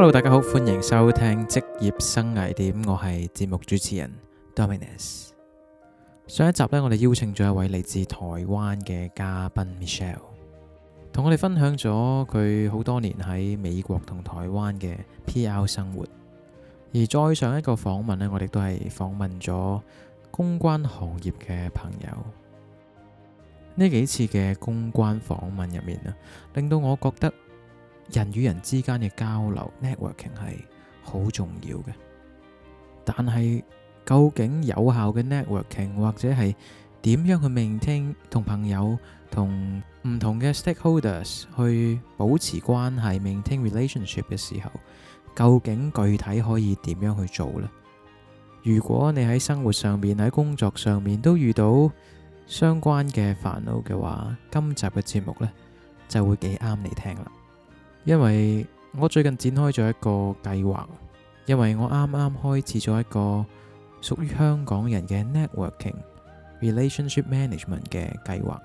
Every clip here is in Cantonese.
Hello，大家好，歡迎收聽職業生涯點，我係節目主持人 Dominus。上一集咧，我哋邀請咗一位嚟自台灣嘅嘉賓 Michelle，同我哋分享咗佢好多年喺美國同台灣嘅 PR 生活。而再上一個訪問呢，我哋都係訪問咗公關行業嘅朋友。呢幾次嘅公關訪問入面啊，令到我覺得，人與人之間嘅交流 networking 係好重要嘅，但係究竟有效嘅 networking，或者係點樣去 maintain 同朋友同唔同嘅 stakeholders 去保持關係 maintain relationship 嘅時候，究竟具體可以點樣去做呢？如果你喺生活上面，喺工作上面都遇到相關嘅煩惱嘅話，今集嘅節目呢，就會幾啱你聽啦。因為我最近展開咗一個計劃，因為我啱啱開始咗一個屬於香港人嘅 networking relationship management 嘅計劃，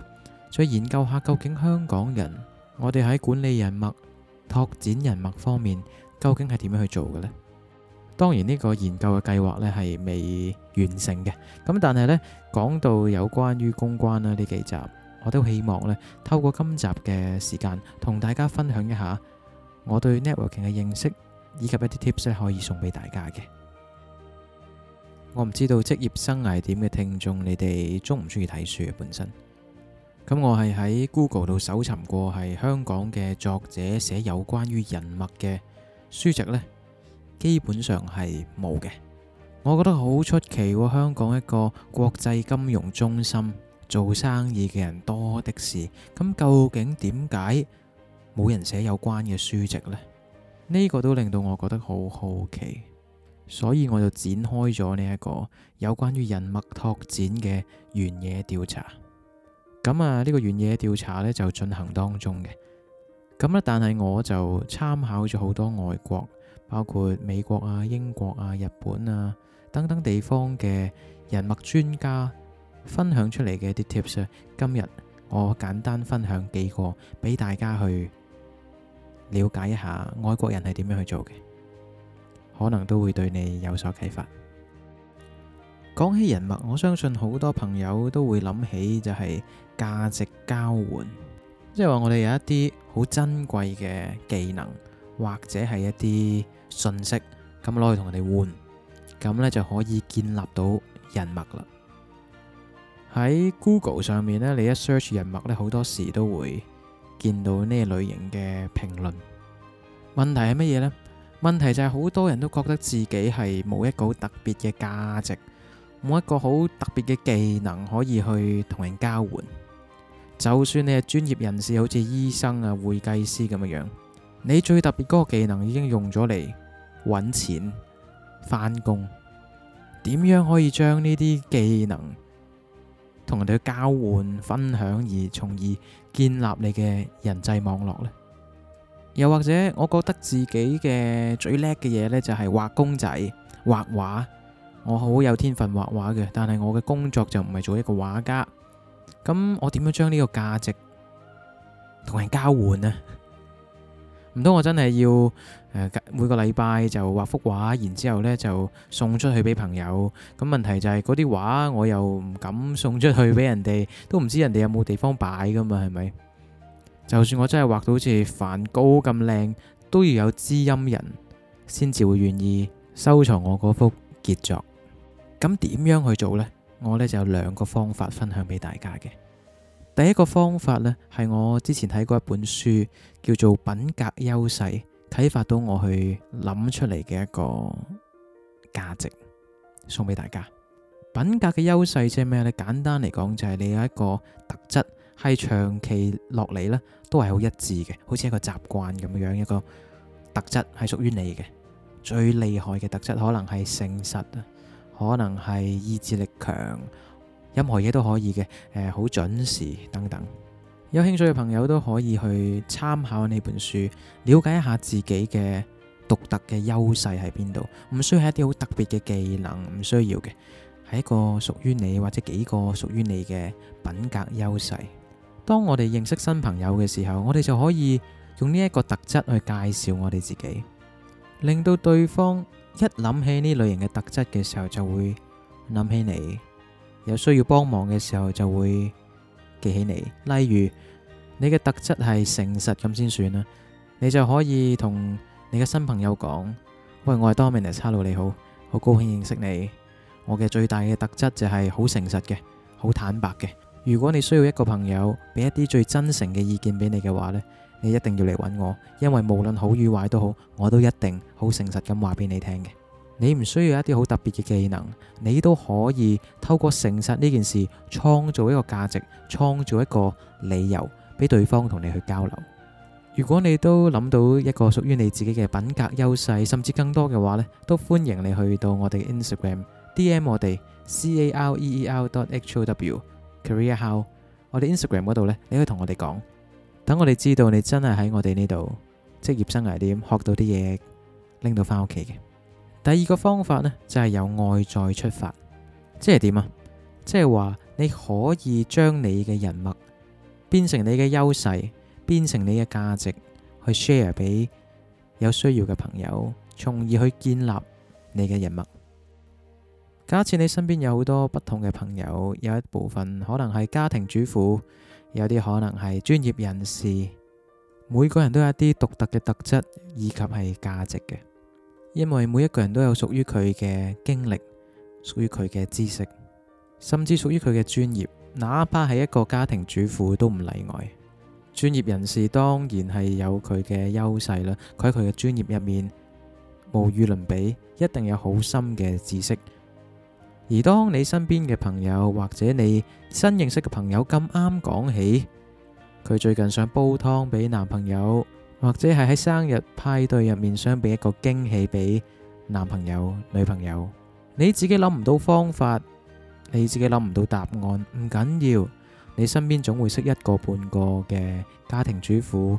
再研究下究竟香港人我哋喺管理人脈、拓展人脈方面究竟係點樣去做嘅呢？當然呢個研究嘅計劃呢係未完成嘅，咁但係呢，講到有關於公關啦呢幾集。我都希望呢，透過今集嘅時間，同大家分享一下我對 networking 嘅認識，以及一啲 tips 咧，可以送俾大家嘅。我唔知道職業生涯點嘅聽眾，你哋鍾唔鍾意睇書本身咁，我係喺 Google 度，搜尋過係香港嘅作者寫有關於人脈嘅書籍呢，基本上係冇嘅。我覺得好出奇喎，香港一個國際金融中心。做生意嘅人多的是，咁究竟點解冇人寫有關嘅書籍咧？呢、這個都令到我覺得好好奇，所以我就展開咗呢一個有關於人脈拓展嘅原野調查。咁啊，呢個原野調查咧就進行當中嘅。咁咧，但係我就參考咗好多外國，包括美國啊、英國啊、日本啊等等地方嘅人脈專家。分享出嚟嘅啲 tips，今日我簡單分享幾個俾大家去了解一下外國人係點樣去做嘅，可能都會對你有所啟發。講起人脈，我相信好多朋友都會諗起就係價值交換，即係話我哋有一啲好珍貴嘅技能或者係一啲信息，咁攞去同人哋換，咁呢就可以建立到人脈啦。喺 Google 上面呢，你一 search 人脈呢，好多時都會見到呢類型嘅評論。問題係乜嘢呢？問題就係好多人都覺得自己係冇一個好特別嘅價值，冇一個好特別嘅技能可以去同人交換。就算你係專業人士，好似醫生啊、會計師咁嘅樣，你最特別嗰個技能已經用咗嚟揾錢、返工，點樣可以將呢啲技能？同人哋去交換分享，而從而建立你嘅人際網絡呢。又或者，我覺得自己嘅最叻嘅嘢呢，就係畫公仔、畫畫。我好有天分畫畫嘅，但係我嘅工作就唔係做一個畫家。咁我點樣將呢個價值同人交換呢？唔通我真係要誒，每個禮拜就畫幅畫，然之後呢就送出去俾朋友咁問題就係嗰啲畫我又唔敢送出去俾人哋，都唔知人哋有冇地方擺噶嘛，係咪？就算我真係畫到好似梵高咁靚，都要有知音人先至會願意收藏我嗰幅傑作。咁點樣去做呢？我呢就有兩個方法分享俾大家嘅。第一個方法呢，係我之前睇過一本書，叫做《品格優勢》，啟發到我去諗出嚟嘅一個價值，送俾大家。品格嘅優勢即係咩呢？簡單嚟講，就係你有一個特質，係長期落嚟呢都係好一致嘅，好似一個習慣咁樣，一個特質係屬於你嘅。最厲害嘅特質可能係誠實啊，可能係意志力強。任何嘢都可以嘅，誒好準時等等。有興趣嘅朋友都可以去參考呢本書，了解一下自己嘅獨特嘅優勢喺邊度。唔需要係一啲好特別嘅技能，唔需要嘅，係一個屬於你或者幾個屬於你嘅品格優勢。當我哋認識新朋友嘅時候，我哋就可以用呢一個特質去介紹我哋自己，令到對方一諗起呢類型嘅特質嘅時候，就會諗起你。有需要幫忙嘅時候就會記起你，例如你嘅特質係誠實咁先算啦，你就可以同你嘅新朋友講，喂，我係 Dominus，Hello，你好，好高興認識你。我嘅最大嘅特質就係好誠實嘅，好坦白嘅。如果你需要一個朋友俾一啲最真誠嘅意見俾你嘅話呢，你一定要嚟揾我，因為無論好與壞都好，我都一定好誠實咁話俾你聽嘅。你唔需要一啲好特別嘅技能，你都可以透過誠實呢件事創造一個價值，創造一個理由俾對方同你去交流。如果你都諗到一個屬於你自己嘅品格優勢，甚至更多嘅話呢，都歡迎你去到我哋 Instagram D M 我哋 C A R E E R . H O W Career How 我哋 Instagram 嗰度呢，你可以同我哋講，等我哋知道你真係喺我哋呢度職業生涯點學到啲嘢，拎到翻屋企嘅。第二個方法呢，就係由外在出發，即係點啊？即係話你可以將你嘅人脈變成你嘅優勢，變成你嘅價值去 share 俾有需要嘅朋友，從而去建立你嘅人脈。假設你身邊有好多不同嘅朋友，有一部分可能係家庭主婦，有啲可能係專業人士，每個人都有一啲獨特嘅特質以及係價值嘅。因為每一個人都有屬於佢嘅經歷，屬於佢嘅知識，甚至屬於佢嘅專業，哪怕係一個家庭主婦都唔例外。專業人士當然係有佢嘅優勢啦，佢喺佢嘅專業入面無與倫比，一定有好深嘅知識。而當你身邊嘅朋友或者你新認識嘅朋友咁啱講起，佢最近想煲湯俾男朋友。或者係喺生日派對入面，想俾一個驚喜俾男朋友、女朋友，你自己諗唔到方法，你自己諗唔到答案，唔緊要，你身邊總會識一個半個嘅家庭主婦，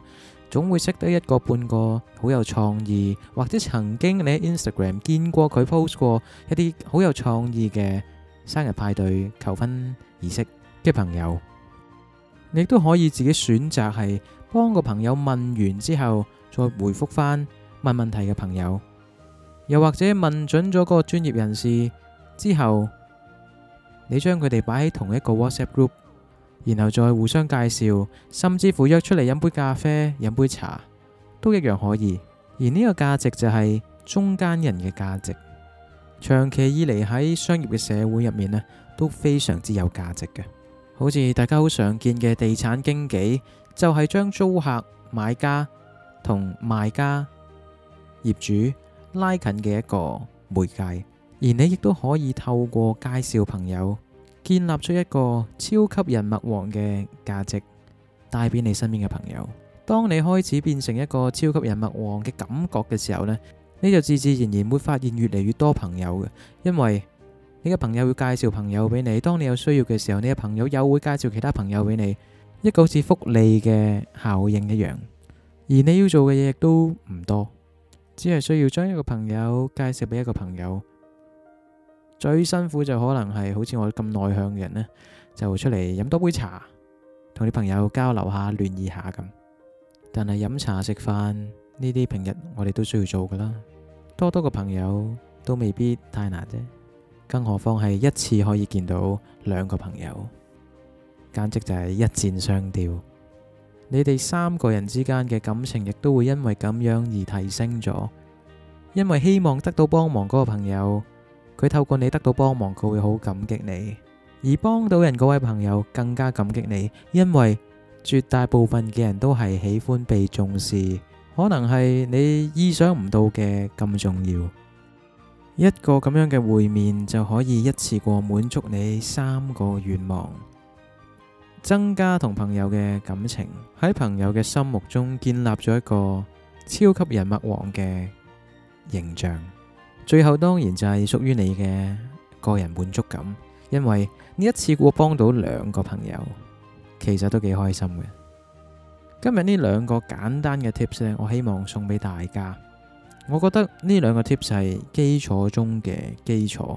總會識得一個半個好有創意，或者曾經你喺 Instagram 見過佢 post 過一啲好有創意嘅生日派對求婚儀式嘅朋友，你都可以自己選擇係。幫個朋友問完之後，再回復翻問問題嘅朋友，又或者問准咗個專業人士之後，你將佢哋擺喺同一個 WhatsApp group，然後再互相介紹，甚至乎約出嚟飲杯咖啡、飲杯茶都一樣可以。而呢個價值就係中間人嘅價值，長期以嚟喺商業嘅社會入面呢都非常之有價值嘅，好似大家好常見嘅地產經紀。就係將租客、買家同賣家、業主拉近嘅一個媒介，而你亦都可以透過介紹朋友，建立出一個超級人脈王嘅價值，帶俾你身邊嘅朋友。當你開始變成一個超級人脈王嘅感覺嘅時候呢，你就自自然然會發現越嚟越多朋友嘅，因為你嘅朋友會介紹朋友俾你，當你有需要嘅時候，你嘅朋友又會介紹其他朋友俾你。一個好似福利嘅效應一樣，而你要做嘅嘢亦都唔多，只係需要將一個朋友介紹俾一個朋友。最辛苦就可能係好似我咁內向嘅人呢，就出嚟飲多杯茶，同啲朋友交流下、聯誼下咁。但係飲茶食飯呢啲平日我哋都需要做噶啦，多多個朋友都未必太難啫，更何況係一次可以見到兩個朋友。簡直就係一箭雙雕。你哋三個人之間嘅感情亦都會因為咁樣而提升咗。因為希望得到幫忙嗰個朋友，佢透過你得到幫忙，佢會好感激你；而幫到人嗰位朋友更加感激你，因為絕大部分嘅人都係喜歡被重視，可能係你意想唔到嘅咁重要。一個咁樣嘅會面就可以一次過滿足你三個願望。增加同朋友嘅感情，喺朋友嘅心目中建立咗一個超級人脈王嘅形象。最後當然就係屬於你嘅個人滿足感，因為呢一次我幫到兩個朋友，其實都幾開心嘅。今日呢兩個簡單嘅 tips 呢，我希望送俾大家。我覺得呢兩個 tips 係基礎中嘅基礎，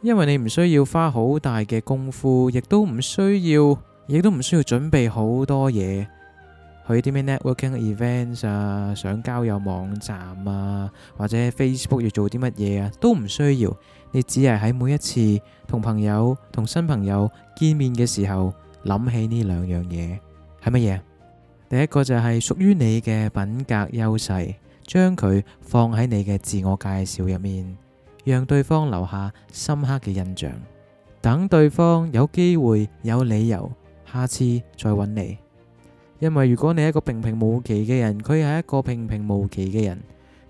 因為你唔需要花好大嘅功夫，亦都唔需要。亦都唔需要準備好多嘢，去啲咩 networking events 啊，上交友網站啊，或者 Facebook 要做啲乜嘢啊，都唔需要。你只係喺每一次同朋友、同新朋友見面嘅時候，諗起呢兩樣嘢係乜嘢？第一個就係屬於你嘅品格優勢，將佢放喺你嘅自我介紹入面，讓對方留下深刻嘅印象，等對方有機會、有理由，下次再揾你，因為如果你係一個平平無奇嘅人，佢係一個平平無奇嘅人，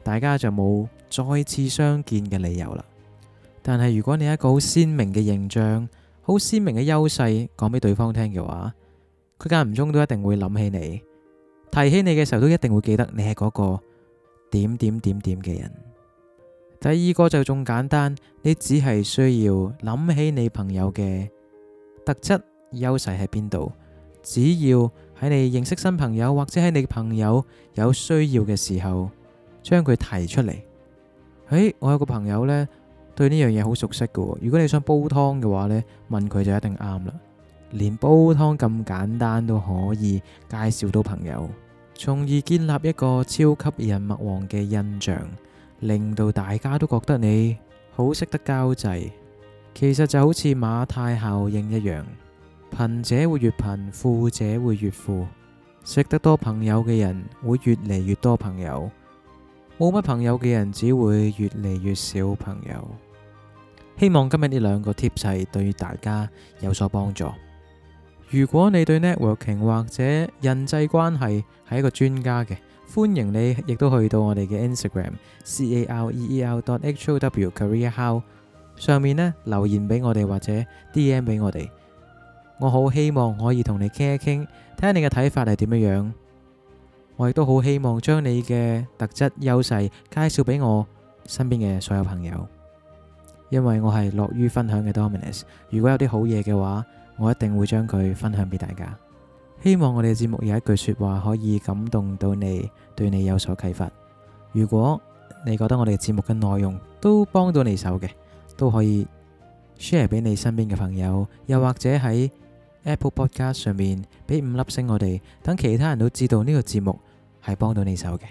大家就冇再次相見嘅理由啦。但係如果你係一個好鮮明嘅形象，好鮮明嘅優勢，講俾對方聽嘅話，佢間唔中都一定會諗起你，提起你嘅時候都一定會記得你係嗰個點點點點嘅人。第二個就仲簡單，你只係需要諗起你朋友嘅特質。優勢喺邊度？只要喺你認識新朋友，或者喺你嘅朋友有需要嘅時候，將佢提出嚟。誒、哎，我有個朋友呢，對呢樣嘢好熟悉喎。如果你想煲湯嘅話呢，問佢就一定啱啦。連煲湯咁簡單都可以介紹到朋友，從而建立一個超級人脈王嘅印象，令到大家都覺得你好識得交際。其實就好似馬太效應一樣。貧者會越貧，富者會越富。識得多朋友嘅人會越嚟越多朋友，冇乜朋友嘅人只會越嚟越少朋友。希望今日呢兩個 tips 係對大家有所幫助。如果你對 networking 或者人際關係係一個專家嘅，歡迎你亦都去到我哋嘅 Instagram C A R E E R dot H O W Career How 上面呢留言俾我哋或者 D M 俾我哋。我好希望可以同你傾一傾，睇下你嘅睇法係點樣樣。我亦都好希望將你嘅特質優勢介紹俾我身邊嘅所有朋友，因為我係樂於分享嘅 Dominus。如果有啲好嘢嘅話，我一定會將佢分享俾大家。希望我哋嘅節目有一句說話可以感動到你，對你有所啟發。如果你覺得我哋節目嘅內容都幫到你手嘅，都可以 share 俾你身邊嘅朋友，又或者喺。Apple Podcast 上面俾五粒星我，我哋等其他人都知道呢個節目係幫到你手嘅，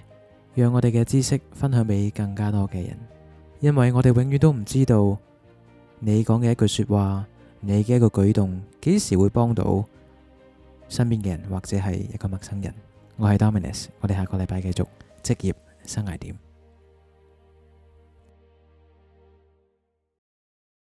讓我哋嘅知識分享俾更加多嘅人，因為我哋永遠都唔知道你講嘅一句說話，你嘅一個舉動幾時會幫到身邊嘅人或者係一個陌生人。我係 Dominus，我哋下個禮拜繼續職業生涯點。